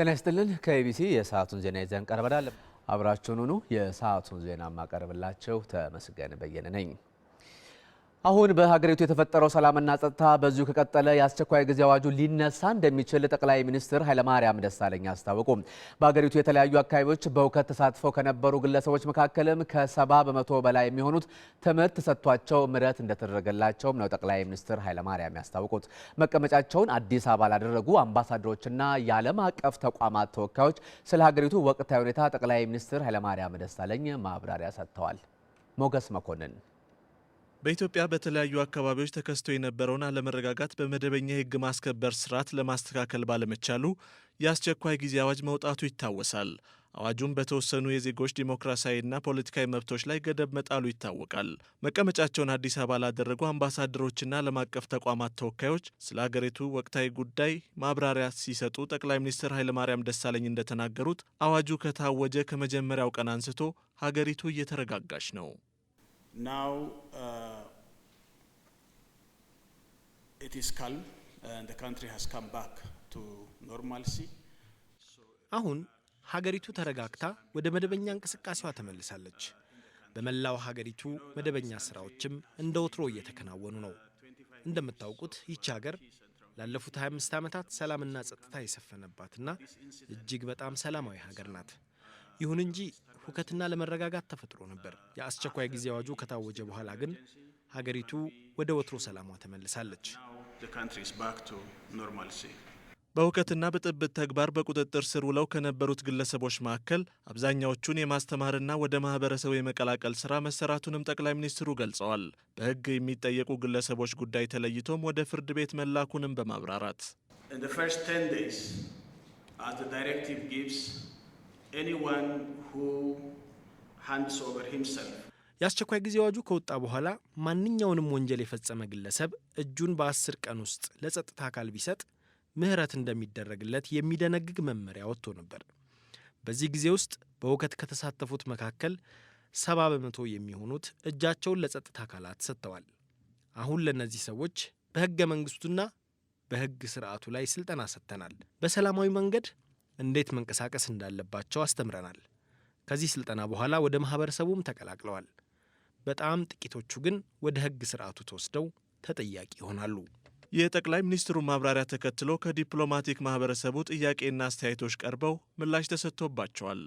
ጤና ይስጥልን። ከኢቢሲ የሰዓቱን ዜና ይዘን ቀርበናል። አብራችሁን ሁኑ። የሰዓቱን ዜና ማቀርብላቸው ተመስገን በየነ ነኝ። አሁን በሀገሪቱ የተፈጠረው ሰላምና ጸጥታ በዚሁ ከቀጠለ የአስቸኳይ ጊዜ አዋጁ ሊነሳ እንደሚችል ጠቅላይ ሚኒስትር ኃይለማርያም ደሳለኝ አስታወቁ። በሀገሪቱ የተለያዩ አካባቢዎች በእውከት ተሳትፈው ከነበሩ ግለሰቦች መካከልም ከሰባ በመቶ በላይ የሚሆኑት ትምህርት ተሰጥቷቸው ምረት እንደተደረገላቸውም ነው ጠቅላይ ሚኒስትር ኃይለማርያም ያስታወቁት። መቀመጫቸውን አዲስ አበባ ላደረጉ አምባሳደሮችና የዓለም አቀፍ ተቋማት ተወካዮች ስለ ሀገሪቱ ወቅታዊ ሁኔታ ጠቅላይ ሚኒስትር ኃይለማርያም ደሳለኝ ማብራሪያ ሰጥተዋል። ሞገስ መኮንን በኢትዮጵያ በተለያዩ አካባቢዎች ተከስቶ የነበረውን አለመረጋጋት በመደበኛ የሕግ ማስከበር ስርዓት ለማስተካከል ባለመቻሉ የአስቸኳይ ጊዜ አዋጅ መውጣቱ ይታወሳል። አዋጁም በተወሰኑ የዜጎች ዲሞክራሲያዊና ፖለቲካዊ መብቶች ላይ ገደብ መጣሉ ይታወቃል። መቀመጫቸውን አዲስ አበባ ላደረጉ አምባሳደሮችና ዓለም አቀፍ ተቋማት ተወካዮች ስለ ሀገሪቱ ወቅታዊ ጉዳይ ማብራሪያ ሲሰጡ ጠቅላይ ሚኒስትር ኃይለማርያም ደሳለኝ እንደተናገሩት አዋጁ ከታወጀ ከመጀመሪያው ቀን አንስቶ ሀገሪቱ እየተረጋጋች ነው። Now uh, it is calm and the country has come back to normalcy. አሁን ሀገሪቱ ተረጋግታ ወደ መደበኛ እንቅስቃሴዋ ተመልሳለች። በመላው ሀገሪቱ መደበኛ ስራዎችም እንደ ወትሮ እየተከናወኑ ነው። እንደምታውቁት ይቺ ሀገር ላለፉት 25 ዓመታት ሰላምና ጸጥታ የሰፈነባትና እጅግ በጣም ሰላማዊ ሀገር ናት። ይሁን እንጂ ሁከትና ለመረጋጋት ተፈጥሮ ነበር። የአስቸኳይ ጊዜ አዋጁ ከታወጀ በኋላ ግን ሀገሪቱ ወደ ወትሮ ሰላሟ ተመልሳለች። በሁከትና ብጥብጥ ተግባር በቁጥጥር ስር ውለው ከነበሩት ግለሰቦች መካከል አብዛኛዎቹን የማስተማርና ወደ ማህበረሰቡ የመቀላቀል ስራ መሰራቱንም ጠቅላይ ሚኒስትሩ ገልጸዋል። በሕግ የሚጠየቁ ግለሰቦች ጉዳይ ተለይቶም ወደ ፍርድ ቤት መላኩንም በማብራራት የአስቸኳይ ጊዜ አዋጁ ከወጣ በኋላ ማንኛውንም ወንጀል የፈጸመ ግለሰብ እጁን በአስር ቀን ውስጥ ለጸጥታ አካል ቢሰጥ ምህረት እንደሚደረግለት የሚደነግግ መመሪያ ወጥቶ ነበር። በዚህ ጊዜ ውስጥ በውከት ከተሳተፉት መካከል ሰባ በመቶ የሚሆኑት እጃቸውን ለጸጥታ አካላት ሰጥተዋል። አሁን ለእነዚህ ሰዎች በህገ መንግስቱና በህግ ስርዓቱ ላይ ስልጠና ሰጥተናል። በሰላማዊ መንገድ እንዴት መንቀሳቀስ እንዳለባቸው አስተምረናል። ከዚህ ስልጠና በኋላ ወደ ማህበረሰቡም ተቀላቅለዋል። በጣም ጥቂቶቹ ግን ወደ ህግ ስርዓቱ ተወስደው ተጠያቂ ይሆናሉ። የጠቅላይ ሚኒስትሩ ማብራሪያ ተከትሎ ከዲፕሎማቲክ ማህበረሰቡ ጥያቄና አስተያየቶች ቀርበው ምላሽ ተሰጥቶባቸዋል።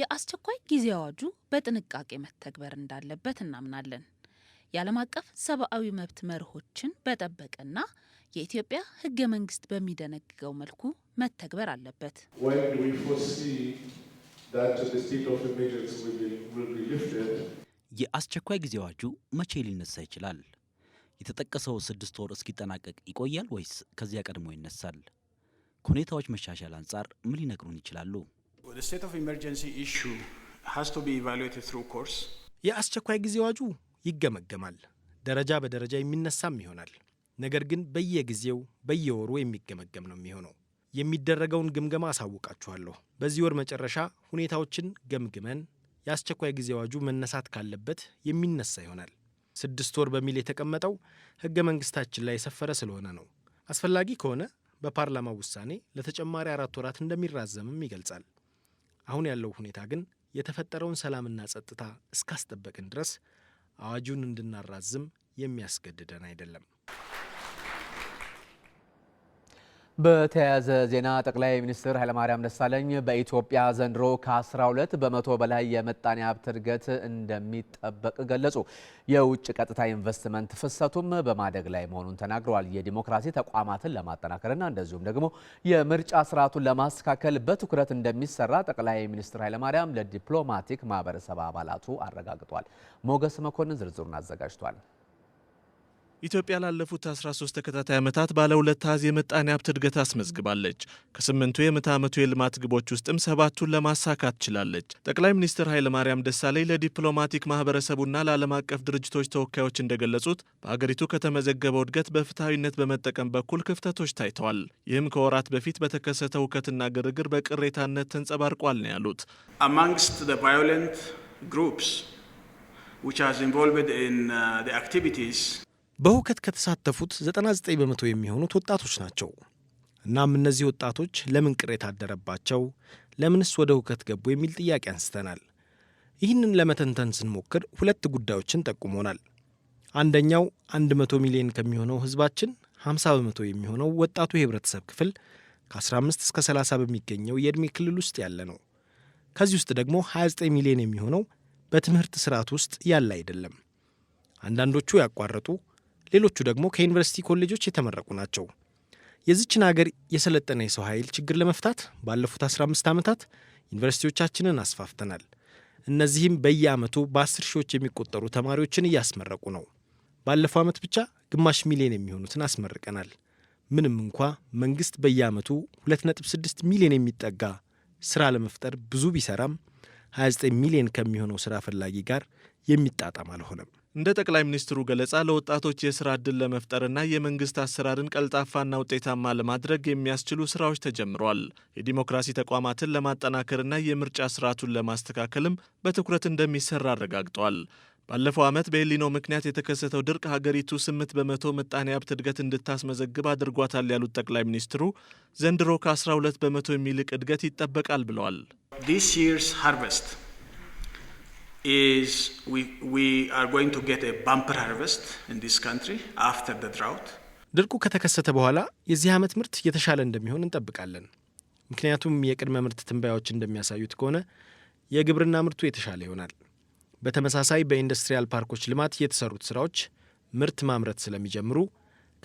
የአስቸኳይ ጊዜ አዋጁ በጥንቃቄ መተግበር እንዳለበት እናምናለን። የዓለም አቀፍ ሰብአዊ መብት መርሆችን በጠበቀና የኢትዮጵያ ህገ መንግስት በሚደነግገው መልኩ መተግበር አለበት። የአስቸኳይ ጊዜ አዋጁ መቼ ሊነሳ ይችላል? የተጠቀሰው ስድስት ወር እስኪጠናቀቅ ይቆያል ወይስ ከዚያ ቀድሞ ይነሳል? ከሁኔታዎች መሻሻል አንጻር ምን ሊነግሩን ይችላሉ? የአስቸኳይ ጊዜ አዋጁ ይገመገማል። ደረጃ በደረጃ የሚነሳም ይሆናል። ነገር ግን በየጊዜው በየወሩ የሚገመገም ነው የሚሆነው። የሚደረገውን ግምገማ አሳውቃችኋለሁ። በዚህ ወር መጨረሻ ሁኔታዎችን ገምግመን የአስቸኳይ ጊዜ አዋጁ መነሳት ካለበት የሚነሳ ይሆናል። ስድስት ወር በሚል የተቀመጠው ሕገ መንግስታችን ላይ የሰፈረ ስለሆነ ነው። አስፈላጊ ከሆነ በፓርላማ ውሳኔ ለተጨማሪ አራት ወራት እንደሚራዘምም ይገልጻል። አሁን ያለው ሁኔታ ግን የተፈጠረውን ሰላምና ጸጥታ እስካስጠበቅን ድረስ አዋጁን እንድናራዝም የሚያስገድደን አይደለም። በተያያዘ ዜና ጠቅላይ ሚኒስትር ኃይለማርያም ደሳለኝ በኢትዮጵያ ዘንድሮ ከ12 በመቶ በላይ የምጣኔ ሀብት እድገት እንደሚጠበቅ ገለጹ። የውጭ ቀጥታ ኢንቨስትመንት ፍሰቱም በማደግ ላይ መሆኑን ተናግረዋል። የዲሞክራሲ ተቋማትን ለማጠናከርና እንደዚሁም ደግሞ የምርጫ ስርዓቱን ለማስተካከል በትኩረት እንደሚሰራ ጠቅላይ ሚኒስትር ኃይለማርያም ለዲፕሎማቲክ ማህበረሰብ አባላቱ አረጋግጧል። ሞገስ መኮንን ዝርዝሩን አዘጋጅቷል። ኢትዮጵያ ላለፉት 13 ተከታታይ ዓመታት ባለ ሁለት አሃዝ የምጣኔ ሀብት እድገት አስመዝግባለች። ከስምንቱ የምዕተ ዓመቱ የልማት ግቦች ውስጥም ሰባቱን ለማሳካት ችላለች። ጠቅላይ ሚኒስትር ኃይለ ማርያም ደሳለኝ ለዲፕሎማቲክ ማህበረሰቡና ለዓለም አቀፍ ድርጅቶች ተወካዮች እንደገለጹት በሀገሪቱ ከተመዘገበው እድገት በፍትሐዊነት በመጠቀም በኩል ክፍተቶች ታይተዋል። ይህም ከወራት በፊት በተከሰተ ውከትና ግርግር በቅሬታነት ተንጸባርቋል ነው ያሉት። አማንግስት ቫዮለንት ግሩፕስ በሁከት ከተሳተፉት 99 በመቶ የሚሆኑት ወጣቶች ናቸው። እናም እነዚህ ወጣቶች ለምን ቅሬታ አደረባቸው? ለምንስ ወደ ሁከት ገቡ? የሚል ጥያቄ አንስተናል። ይህንን ለመተንተን ስንሞክር ሁለት ጉዳዮችን ጠቁሞናል። አንደኛው 100 ሚሊዮን ከሚሆነው ህዝባችን 50 በመቶ የሚሆነው ወጣቱ የህብረተሰብ ክፍል ከ15 እስከ 30 በሚገኘው የዕድሜ ክልል ውስጥ ያለ ነው። ከዚህ ውስጥ ደግሞ 29 ሚሊዮን የሚሆነው በትምህርት ስርዓት ውስጥ ያለ አይደለም። አንዳንዶቹ ያቋረጡ ሌሎቹ ደግሞ ከዩኒቨርሲቲ ኮሌጆች የተመረቁ ናቸው። የዚችን ሀገር የሰለጠነ የሰው ኃይል ችግር ለመፍታት ባለፉት 15 ዓመታት ዩኒቨርሲቲዎቻችንን አስፋፍተናል። እነዚህም በየዓመቱ በአስር ሺዎች የሚቆጠሩ ተማሪዎችን እያስመረቁ ነው። ባለፈው ዓመት ብቻ ግማሽ ሚሊዮን የሚሆኑትን አስመርቀናል። ምንም እንኳ መንግሥት በየዓመቱ 2.6 ሚሊዮን የሚጠጋ ስራ ለመፍጠር ብዙ ቢሰራም 29 ሚሊዮን ከሚሆነው ስራ ፈላጊ ጋር የሚጣጣም አልሆነም። እንደ ጠቅላይ ሚኒስትሩ ገለጻ ለወጣቶች የስራ ዕድል ለመፍጠርና የመንግስት አሰራርን ቀልጣፋና ውጤታማ ለማድረግ የሚያስችሉ ስራዎች ተጀምረዋል። የዲሞክራሲ ተቋማትን ለማጠናከርና የምርጫ ስርዓቱን ለማስተካከልም በትኩረት እንደሚሰራ አረጋግጠዋል። ባለፈው ዓመት በኤሊኖ ምክንያት የተከሰተው ድርቅ ሀገሪቱ ስምንት በመቶ ምጣኔ ሀብት እድገት እንድታስመዘግብ አድርጓታል ያሉት ጠቅላይ ሚኒስትሩ ዘንድሮ ከ12 በመቶ የሚልቅ እድገት ይጠበቃል ብለዋል። is we, we are going to get a bumper harvest in this country after the drought. ድርቁ ከተከሰተ በኋላ የዚህ ዓመት ምርት የተሻለ እንደሚሆን እንጠብቃለን። ምክንያቱም የቅድመ ምርት ትንበያዎች እንደሚያሳዩት ከሆነ የግብርና ምርቱ የተሻለ ይሆናል። በተመሳሳይ በኢንዱስትሪያል ፓርኮች ልማት የተሰሩት ስራዎች ምርት ማምረት ስለሚጀምሩ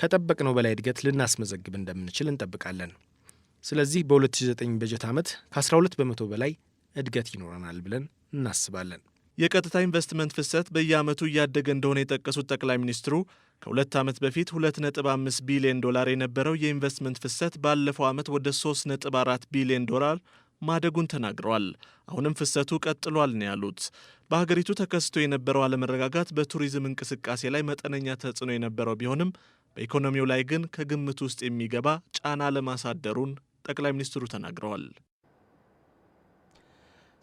ከጠበቅነው በላይ እድገት ልናስመዘግብ እንደምንችል እንጠብቃለን። ስለዚህ በ2009 በጀት ዓመት ከ12 በመቶ በላይ እድገት ይኖረናል ብለን እናስባለን። የቀጥታ ኢንቨስትመንት ፍሰት በየዓመቱ እያደገ እንደሆነ የጠቀሱት ጠቅላይ ሚኒስትሩ ከሁለት ዓመት በፊት 2.5 ቢሊዮን ዶላር የነበረው የኢንቨስትመንት ፍሰት ባለፈው ዓመት ወደ 3.4 ቢሊዮን ዶላር ማደጉን ተናግረዋል። አሁንም ፍሰቱ ቀጥሏል ነው ያሉት። በሀገሪቱ ተከስቶ የነበረው አለመረጋጋት በቱሪዝም እንቅስቃሴ ላይ መጠነኛ ተጽዕኖ የነበረው ቢሆንም በኢኮኖሚው ላይ ግን ከግምት ውስጥ የሚገባ ጫና ለማሳደሩን ጠቅላይ ሚኒስትሩ ተናግረዋል።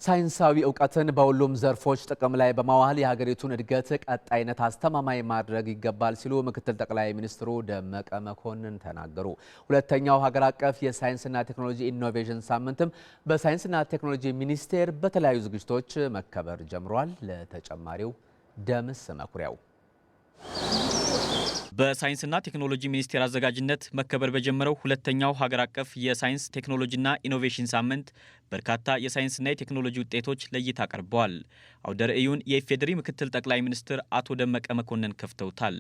ሳይንሳዊ እውቀትን በሁሉም ዘርፎች ጥቅም ላይ በማዋል የሀገሪቱን እድገት ቀጣይነት አስተማማኝ ማድረግ ይገባል ሲሉ ምክትል ጠቅላይ ሚኒስትሩ ደመቀ መኮንን ተናገሩ። ሁለተኛው ሀገር አቀፍ የሳይንስና ቴክኖሎጂ ኢኖቬሽን ሳምንትም በሳይንስና ቴክኖሎጂ ሚኒስቴር በተለያዩ ዝግጅቶች መከበር ጀምሯል። ለተጨማሪው ደምስ መኩሪያው በሳይንስና ቴክኖሎጂ ሚኒስቴር አዘጋጅነት መከበር በጀመረው ሁለተኛው ሀገር አቀፍ የሳይንስ ቴክኖሎጂና ኢኖቬሽን ሳምንት በርካታ የሳይንስና የቴክኖሎጂ ውጤቶች ለእይታ ቀርበዋል። አውደ ርዕዩን የኢፌዴሪ ምክትል ጠቅላይ ሚኒስትር አቶ ደመቀ መኮንን ከፍተውታል።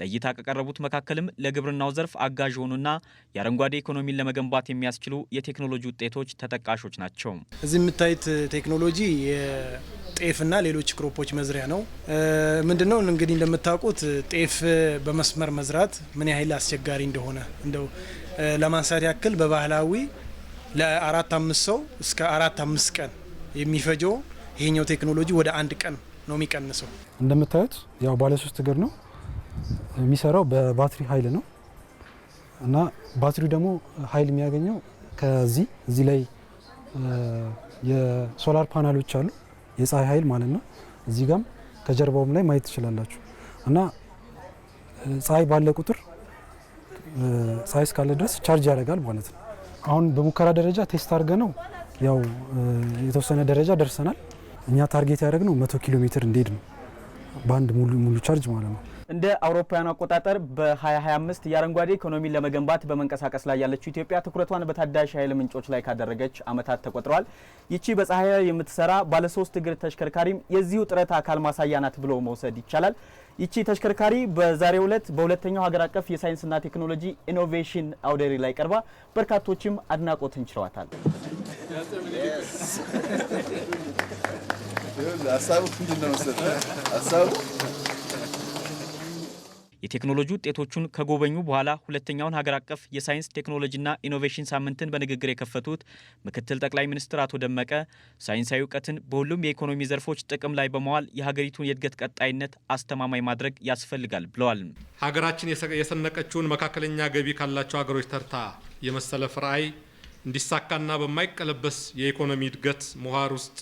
ለእይታ ከቀረቡት መካከልም ለግብርናው ዘርፍ አጋዥ የሆኑና የአረንጓዴ ኢኮኖሚን ለመገንባት የሚያስችሉ የቴክኖሎጂ ውጤቶች ተጠቃሾች ናቸው። እዚህ የምታዩት ቴክኖሎጂ ጤፍና ሌሎች ክሮፖች መዝሪያ ነው። ምንድነው እንግዲህ እንደምታውቁት ጤፍ በመስመር መዝራት ምን ያህል አስቸጋሪ እንደሆነ እንደው ለማንሳት ያክል በባህላዊ ለአራት አምስት ሰው እስከ አራት አምስት ቀን የሚፈጀው ይሄኛው ቴክኖሎጂ ወደ አንድ ቀን ነው የሚቀንሰው። እንደምታዩት ያው ባለ ሶስት እግር ነው። የሚሰራው በባትሪ ኃይል ነው እና ባትሪው ደግሞ ኃይል የሚያገኘው ከዚህ እዚህ ላይ የሶላር ፓናሎች አሉ፣ የፀሐይ ኃይል ማለት ነው። እዚህ ጋም ከጀርባውም ላይ ማየት ትችላላችሁ። እና ፀሐይ ባለ ቁጥር ፀሐይ እስካለ ድረስ ቻርጅ ያደርጋል ማለት ነው። አሁን በሙከራ ደረጃ ቴስት አድርገ ነው ያው የተወሰነ ደረጃ ደርሰናል። እኛ ታርጌት ነው መቶ ኪሎ ሜትር እንሄድ ነው በአንድ ሙሉ ቻርጅ ማለት ነው። እንደ አውሮፓውያኑ አቆጣጠር በ2025 የአረንጓዴ ኢኮኖሚን ለመገንባት በመንቀሳቀስ ላይ ያለችው ኢትዮጵያ ትኩረቷን በታዳሽ ኃይል ምንጮች ላይ ካደረገች ዓመታት ተቆጥረዋል። ይቺ በፀሐይ የምትሰራ ባለሶስት እግር ተሽከርካሪም የዚሁ ጥረት አካል ማሳያ ናት ብሎ መውሰድ ይቻላል። ይቺ ተሽከርካሪ በዛሬው ዕለት በሁለተኛው ሀገር አቀፍ የሳይንስና ቴክኖሎጂ ኢኖቬሽን አውደሪ ላይ ቀርባ በርካቶችም አድናቆትን ችለዋታል። ሀሳቡ ምንድን ነው መሰለህ ሀሳቡ የቴክኖሎጂ ውጤቶቹን ከጎበኙ በኋላ ሁለተኛውን ሀገር አቀፍ የሳይንስ ቴክኖሎጂና ኢኖቬሽን ሳምንትን በንግግር የከፈቱት ምክትል ጠቅላይ ሚኒስትር አቶ ደመቀ ሳይንሳዊ እውቀትን በሁሉም የኢኮኖሚ ዘርፎች ጥቅም ላይ በመዋል የሀገሪቱን የእድገት ቀጣይነት አስተማማኝ ማድረግ ያስፈልጋል ብለዋል። ሀገራችን የሰነቀችውን መካከለኛ ገቢ ካላቸው ሀገሮች ተርታ የመሰለፍ ራዕይ እንዲሳካና በማይቀለበስ የኢኮኖሚ እድገት ምህዋር ውስጥ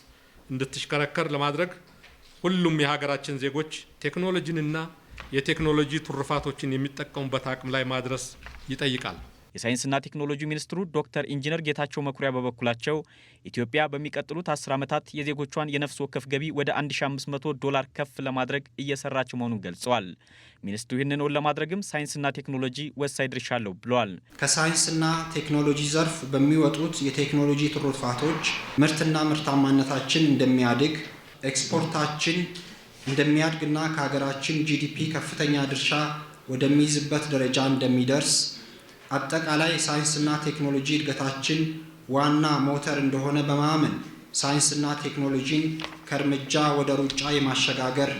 እንድትሽከረከር ለማድረግ ሁሉም የሀገራችን ዜጎች ቴክኖሎጂንና የቴክኖሎጂ ትሩፋቶችን የሚጠቀሙበት አቅም ላይ ማድረስ ይጠይቃል። የሳይንስና ቴክኖሎጂ ሚኒስትሩ ዶክተር ኢንጂነር ጌታቸው መኩሪያ በበኩላቸው ኢትዮጵያ በሚቀጥሉት 10 ዓመታት የዜጎቿን የነፍስ ወከፍ ገቢ ወደ 1500 ዶላር ከፍ ለማድረግ እየሰራች መሆኑን ገልጸዋል። ሚኒስትሩ ይህንን ለማድረግም ሳይንስና ቴክኖሎጂ ወሳኝ ድርሻ አለው ብለዋል። ከሳይንስና ቴክኖሎጂ ዘርፍ በሚወጡት የቴክኖሎጂ ትሩፋቶች ምርትና ምርታማነታችን እንደሚያድግ ኤክስፖርታችን እንደሚያድግና ከሀገራችን ጂዲፒ ከፍተኛ ድርሻ ወደሚይዝበት ደረጃ እንደሚደርስ አጠቃላይ ሳይንስና ቴክኖሎጂ እድገታችን ዋና ሞተር እንደሆነ በማመን ሳይንስና ቴክኖሎጂን ከእርምጃ ወደ ሩጫ የማሸጋገር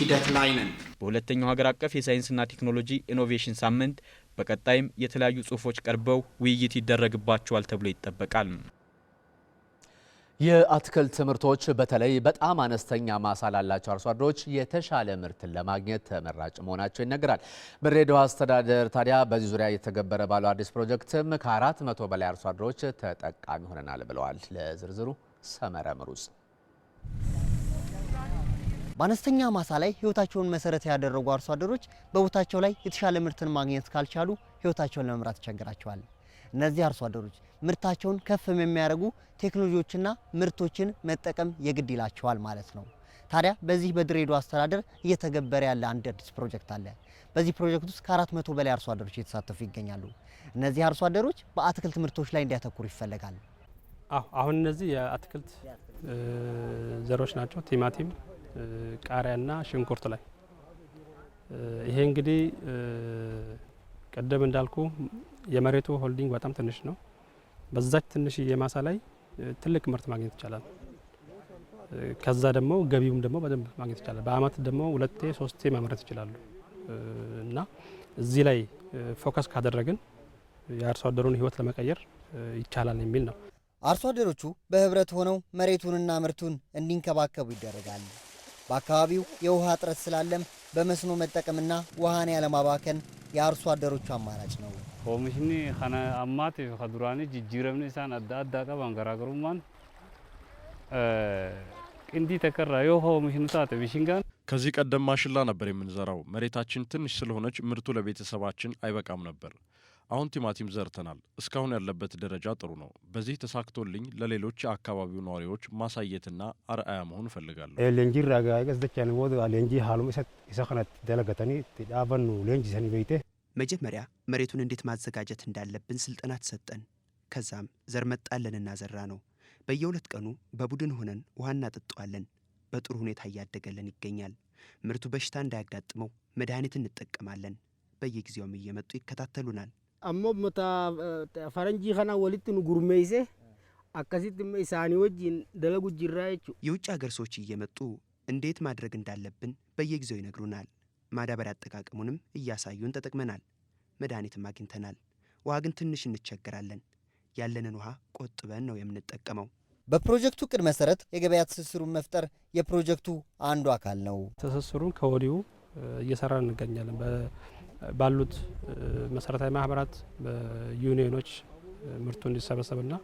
ሂደት ላይ ነን። በሁለተኛው ሀገር አቀፍ የሳይንስና ቴክኖሎጂ ኢኖቬሽን ሳምንት በቀጣይም የተለያዩ ጽሁፎች ቀርበው ውይይት ይደረግባቸዋል ተብሎ ይጠበቃል። የአትክልት ምርቶች በተለይ በጣም አነስተኛ ማሳ ላላቸው አርሶ አደሮች የተሻለ ምርትን ለማግኘት ተመራጭ መሆናቸው ይነገራል። በድሬዳዋ አስተዳደር ታዲያ በዚህ ዙሪያ የተገበረ ባለው አዲስ ፕሮጀክትም ከአራት መቶ በላይ አርሶ አደሮች ተጠቃሚ ሆነናል ብለዋል። ለዝርዝሩ ሰመረ ምሩጽ። በአነስተኛ ማሳ ላይ ህይወታቸውን መሰረት ያደረጉ አርሶ አደሮች በቦታቸው ላይ የተሻለ ምርትን ማግኘት ካልቻሉ ህይወታቸውን ለመምራት ይቸግራቸዋል። እነዚህ አርሶ አደሮች ምርታቸውን ከፍ የሚያደርጉ ቴክኖሎጂዎችና ምርቶችን መጠቀም የግድ ይላቸዋል ማለት ነው። ታዲያ በዚህ በድሬዳዋ አስተዳደር እየተገበረ ያለ አንድ አዲስ ፕሮጀክት አለ። በዚህ ፕሮጀክት ውስጥ ከአራት መቶ በላይ አርሶ አደሮች እየተሳተፉ ይገኛሉ። እነዚህ አርሶ አደሮች በአትክልት ምርቶች ላይ እንዲያተኩሩ ይፈለጋል። አሁን እነዚህ የአትክልት ዘሮች ናቸው። ቲማቲም፣ ቃሪያና ሽንኩርት ላይ ይሄ እንግዲህ ቀደም እንዳልኩ የመሬቱ ሆልዲንግ በጣም ትንሽ ነው። በዛች ትንሽ የማሳ ላይ ትልቅ ምርት ማግኘት ይቻላል። ከዛ ደግሞ ገቢውም ደግሞ በደንብ ማግኘት ይቻላል። በአመት ደግሞ ሁለቴ ሶስቴ ማምረት ይችላሉ እና እዚህ ላይ ፎከስ ካደረግን የአርሶ አደሩን ህይወት ለመቀየር ይቻላል የሚል ነው። አርሶ አደሮቹ በህብረት ሆነው መሬቱንና ምርቱን እንዲንከባከቡ ይደረጋል። በአካባቢው የውሃ እጥረት ስላለም በመስኖ መጠቀምና ውሃን ያለማባከን የአርሶ አደሮቹ አማራጭ ነው። ኮሚሽኒ ከነ አማት ከዱራኒ ጅጅረምን ሳን አዳ አዳ ቀባን ገራገሩማን ቅንዲ ተከራ ዮ ኦሚሽኑ ታተ ቢሽንጋን ከዚህ ቀደም ማሽላ ነበር የምንዘራው። መሬታችን ትንሽ ስለሆነች ምርቱ ለቤተሰባችን አይበቃም ነበር። አሁን ቲማቲም ዘርተናል። እስካሁን ያለበት ደረጃ ጥሩ ነው። በዚህ ተሳክቶልኝ ለሌሎች የአካባቢው ነዋሪዎች ማሳየትና አርአያ መሆን እፈልጋለሁ። መጀመሪያ መሬቱን እንዴት ማዘጋጀት እንዳለብን ስልጠና ተሰጠን። ከዛም ዘር መጣለንና ዘራ ነው። በየሁለት ቀኑ በቡድን ሆነን ውሃ እናጠጣዋለን። በጥሩ ሁኔታ እያደገልን ይገኛል። ምርቱ በሽታ እንዳያጋጥመው መድኃኒት እንጠቀማለን። በየጊዜውም እየመጡ ይከታተሉናል። ammo mata eh, faranji kana walitti nu gurmeeyse akkasitti isaani wajjin dalagu jirraa jechuudha. የውጭ ሀገር ሰዎች እየመጡ እንዴት ማድረግ እንዳለብን በየጊዜው ይነግሩናል። ማዳበሪያ አጠቃቀሙንም እያሳዩን ተጠቅመናል። መድኃኒትም አግኝተናል። ውሃ ግን ትንሽ እንቸገራለን። ያለንን ውሃ ቆጥበን ነው የምንጠቀመው። በፕሮጀክቱ እቅድ መሰረት የገበያ ትስስሩን መፍጠር የፕሮጀክቱ አንዱ አካል ነው። ትስስሩን ከወዲሁ eh, እየሰራን እንገኛለን። ባሉት መሰረታዊ ማህበራት በዩኒዮኖች ምርቱ እንዲሰበሰብና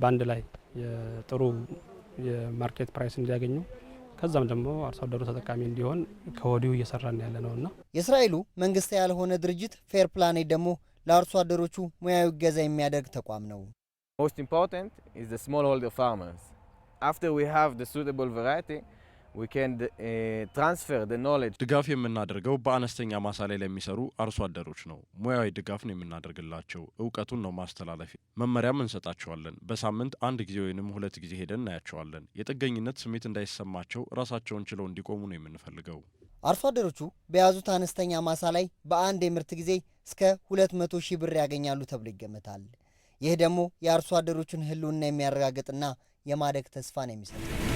በአንድ ላይ የጥሩ የማርኬት ፕራይስ እንዲያገኙ ከዛም ደግሞ አርሶ አደሩ ተጠቃሚ እንዲሆን ከወዲሁ እየሰራን ያለ ነውና የእስራኤሉ መንግስት ያልሆነ ድርጅት ፌር ፕላኔት ደግሞ ለአርሶ አደሮቹ ሙያዊ እገዛ የሚያደርግ ተቋም ነው። ሞስት ኢምፖርታንት ኢዝ ዘ ስሞል ሆልደር ፋርመርስ አፍተር ዊ ሃቭ ዘ ሱተብል ቫራይቲ Uh, ድጋፍ የምናደርገው በአነስተኛ ማሳ ላይ ለሚሰሩ አርሶ አደሮች ነው። ሙያዊ ድጋፍ ነው የምናደርግላቸው። እውቀቱን ነው ማስተላለፍ። መመሪያም እንሰጣቸዋለን። በሳምንት አንድ ጊዜ ወይንም ሁለት ጊዜ ሄደን እናያቸዋለን። የጥገኝነት ስሜት እንዳይሰማቸው ራሳቸውን ችለው እንዲቆሙ ነው የምንፈልገው። አርሶ አደሮቹ በያዙት አነስተኛ ማሳ ላይ በአንድ የምርት ጊዜ እስከ 200 ሺህ ብር ያገኛሉ ተብሎ ይገመታል። ይህ ደግሞ የአርሶ አደሮቹን ህልውና የሚያረጋግጥና የማደግ ነው የሚሰጥ